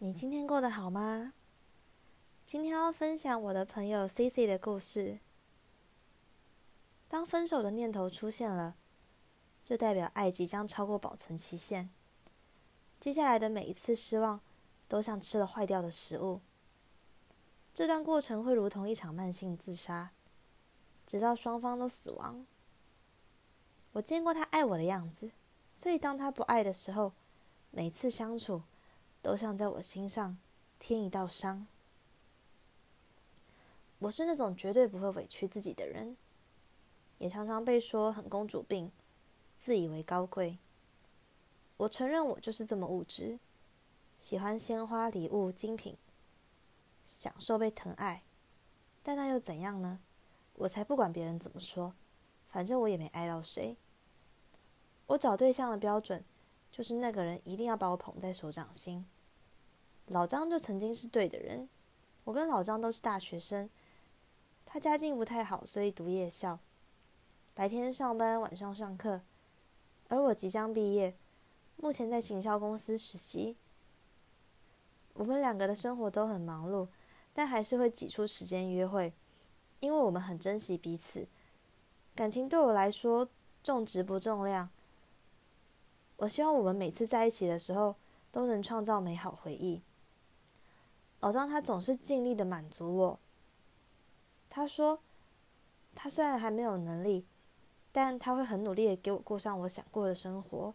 你今天過得好嗎？今天要分享我的朋友 CC 的故事。當分手的念頭出現了，就代表愛即將超過保存期限。接下來的每一次失望，都像吃了壞掉的食物。這段過程會如同一場慢性自殺，直到雙方都死亡。我見過他愛我的樣子，所以當他不愛的時候，每次相處。都想在我心上添一道傷。我是那種絕對不會委屈自己的人，也常常被說很公主病，自以為高貴。我承認我就是這麼物質，喜歡鮮花、禮物、精品，享受被疼愛。但那又怎樣呢？我才不管別人怎麼說，反正我也沒愛到誰。我找對象的標準，就是那個人一定要把我捧在手掌心。老張就曾經是對的人，我跟老張都是大學生，他家境不太好，所以讀夜校，白天上班，晚上上課，而我即將畢業，目前在行銷公司實習。我們兩個的生活都很忙碌，但還是會擠出時間約會，因為我們很珍惜彼此，感情對我來說重質不重量。我希望我們每次在一起的時候都能創造美好回憶。老張他總是盡力的滿足我。他說，他雖然還沒有能力，但他會很努力的給我過上我想過的生活。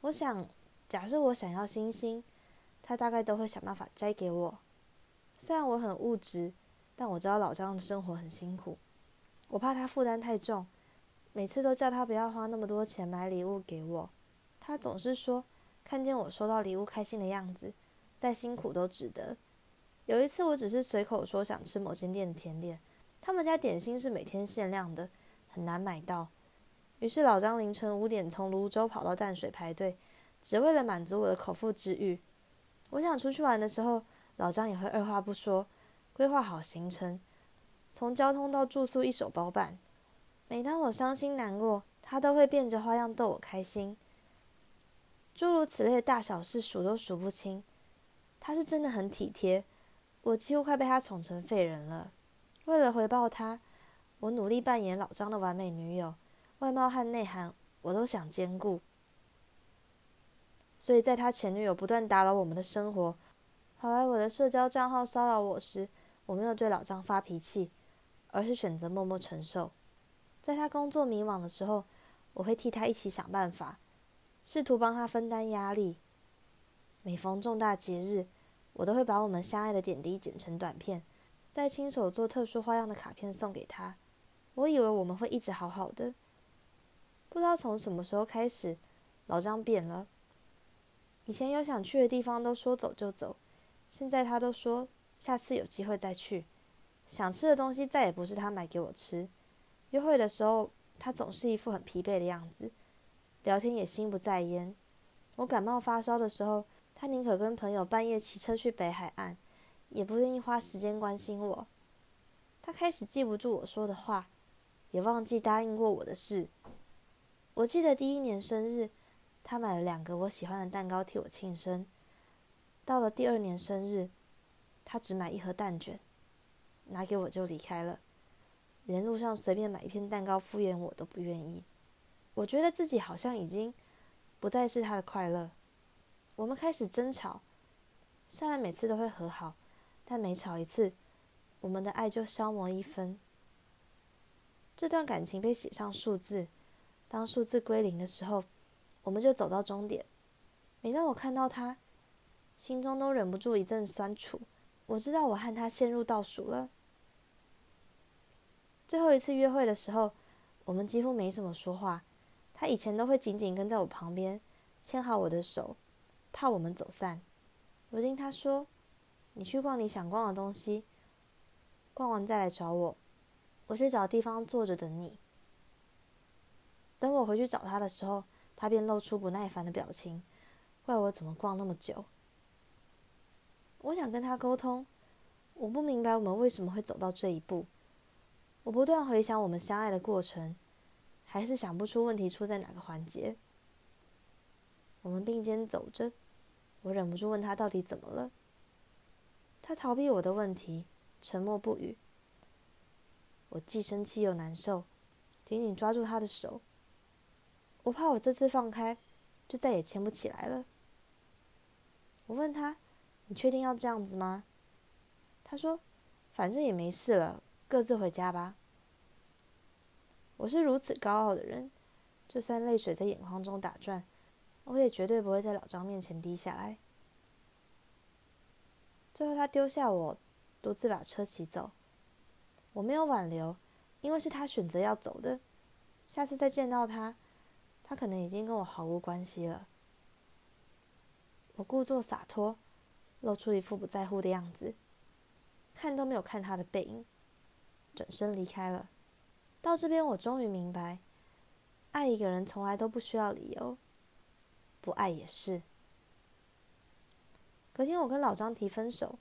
我想，假設我想要星星，他大概都會想辦法摘給我。雖然我很物質，但我知道老張的生活很辛苦，我怕他負擔太重，每次都叫他不要花那麼多錢買禮物給我。他總是說，看見我收到禮物開心的樣子，再辛苦都值得。有一次，我只是隨口說想吃某間店的甜點，他們家點心是每天限量的，很難買到。於是老張凌晨五點從蘆洲跑到淡水排隊，只為了滿足我的口腹之欲。我想出去玩的時候，老張也會二話不說，規劃好行程，從交通到住宿一手包辦。每當我傷心難過，他都會變着花樣逗我開心。諸如此類的大小事數都數不清，他是真的很體貼。我幾乎快被他寵成廢人了。為了回報他，我努力扮演老張的完美女友，外貌和內涵我都想兼顧。所以，在他前女友不斷打擾我們的生活，跑來我的社交賬號騷擾我時，我沒有對老張發脾氣，而是選擇默默承受。在他工作迷茫的時候，我會替他一起想辦法，試圖幫他分擔壓力。每逢重大節日，我都會把我們相愛的點滴剪成短片，再親手做特殊花樣的卡片送給他。我以為我們會一直好好的，不知道從什麼時候開始，老張變了。以前有想去的地方都說走就走，現在他都說下次有機會再去。想吃的東西再也不是他買給我吃。約會的時候，他總是一副很疲憊的樣子，聊天也心不在焉。我感冒發燒的時候，他寧可跟朋友半夜騎車去北海岸，也不願意花時間關心我。他開始記不住我說的話，也忘記答應過我的事。我記得第一年生日，他買了兩個我喜歡的蛋糕替我慶生。到了第二年生日，他只買一盒蛋卷，拿給我就離開了。連路上隨便買一片蛋糕敷衍我都不願意。我覺得自己好像已經不再是他的快樂。我們開始爭吵，雖然每次都會和好，但每吵一次，我們的愛就消磨一分。這段感情被寫上數字，當數字歸零的時候，我們就走到終點。每當我看到他，心中都忍不住一陣酸楚。我知道我和他陷入倒數了。最後一次約會的時候，我們幾乎沒怎麼說話。他以前都會緊緊跟在我旁邊，牽好我的手。怕我們走散，如今他說：“你去逛你想逛的東西，逛完再來找我，我去找地方坐着等你。”等我回去找他的時候，他便露出不耐煩的表情，怪我怎麼逛那麼久。我想跟他溝通，我不明白我們為什麼會走到這一步。我不斷回想我們相愛的過程，還是想不出問題出在哪個環節。我們並肩走着。我忍不住問他到底怎麼了，他逃避我的問題，沉默不語。我既生氣又難受，緊緊抓住他的手。我怕我這次放開，就再也牽不起來了。我問他：“你確定要這樣子嗎？”他說：“反正也沒事了，各自回家吧。”我是如此高傲的人，就算淚水在眼眶中打轉。我也絕對不會在老張面前低下來。最後，他丟下我，獨自把車騎走。我沒有挽留，因為是他選擇要走的。下次再見到他，他可能已經跟我毫無關係了。我故作灑脫，露出一副不在乎的樣子，看都沒有看他的背影，轉身離開了。到這邊，我終於明白，愛一個人從來都不需要理由。不愛也是。隔天，我跟老張提分手，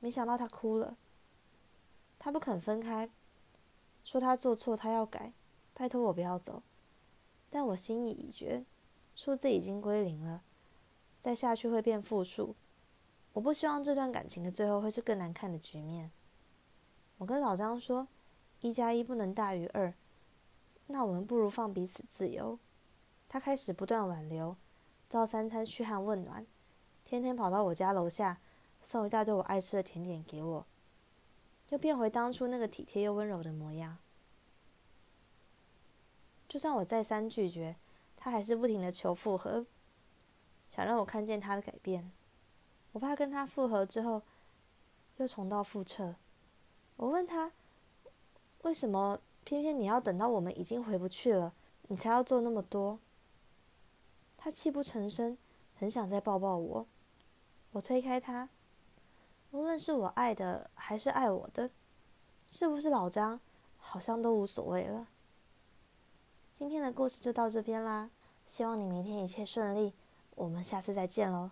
沒想到他哭了。他不肯分開，說他做錯，他要改，拜托我不要走。但我心意已決，數字已經歸零了，再下去會變負數。我不希望這段感情的最後會是更難看的局面。我跟老張說：“一加一不能大於二，那我們不如放彼此自由。”他開始不斷挽留，照三餐噓寒問暖，天天跑到我家樓下送一大堆我愛吃的甜點給我，又變回當初那個體貼又溫柔的模樣。就算我再三拒絕，他還是不停的求復合，想讓我看見他的改變。我怕跟他復合之後，又重蹈覆轍。我問他，為什麼偏偏你要等到我們已經回不去了，你才要做那麼多？他泣不成聲，很想再抱抱我。我推開他。無論是我愛的，還是愛我的，是不是老張，好像都無所謂了。今天的故事就到這邊啦，希望你明天一切順利。我們下次再見嘍。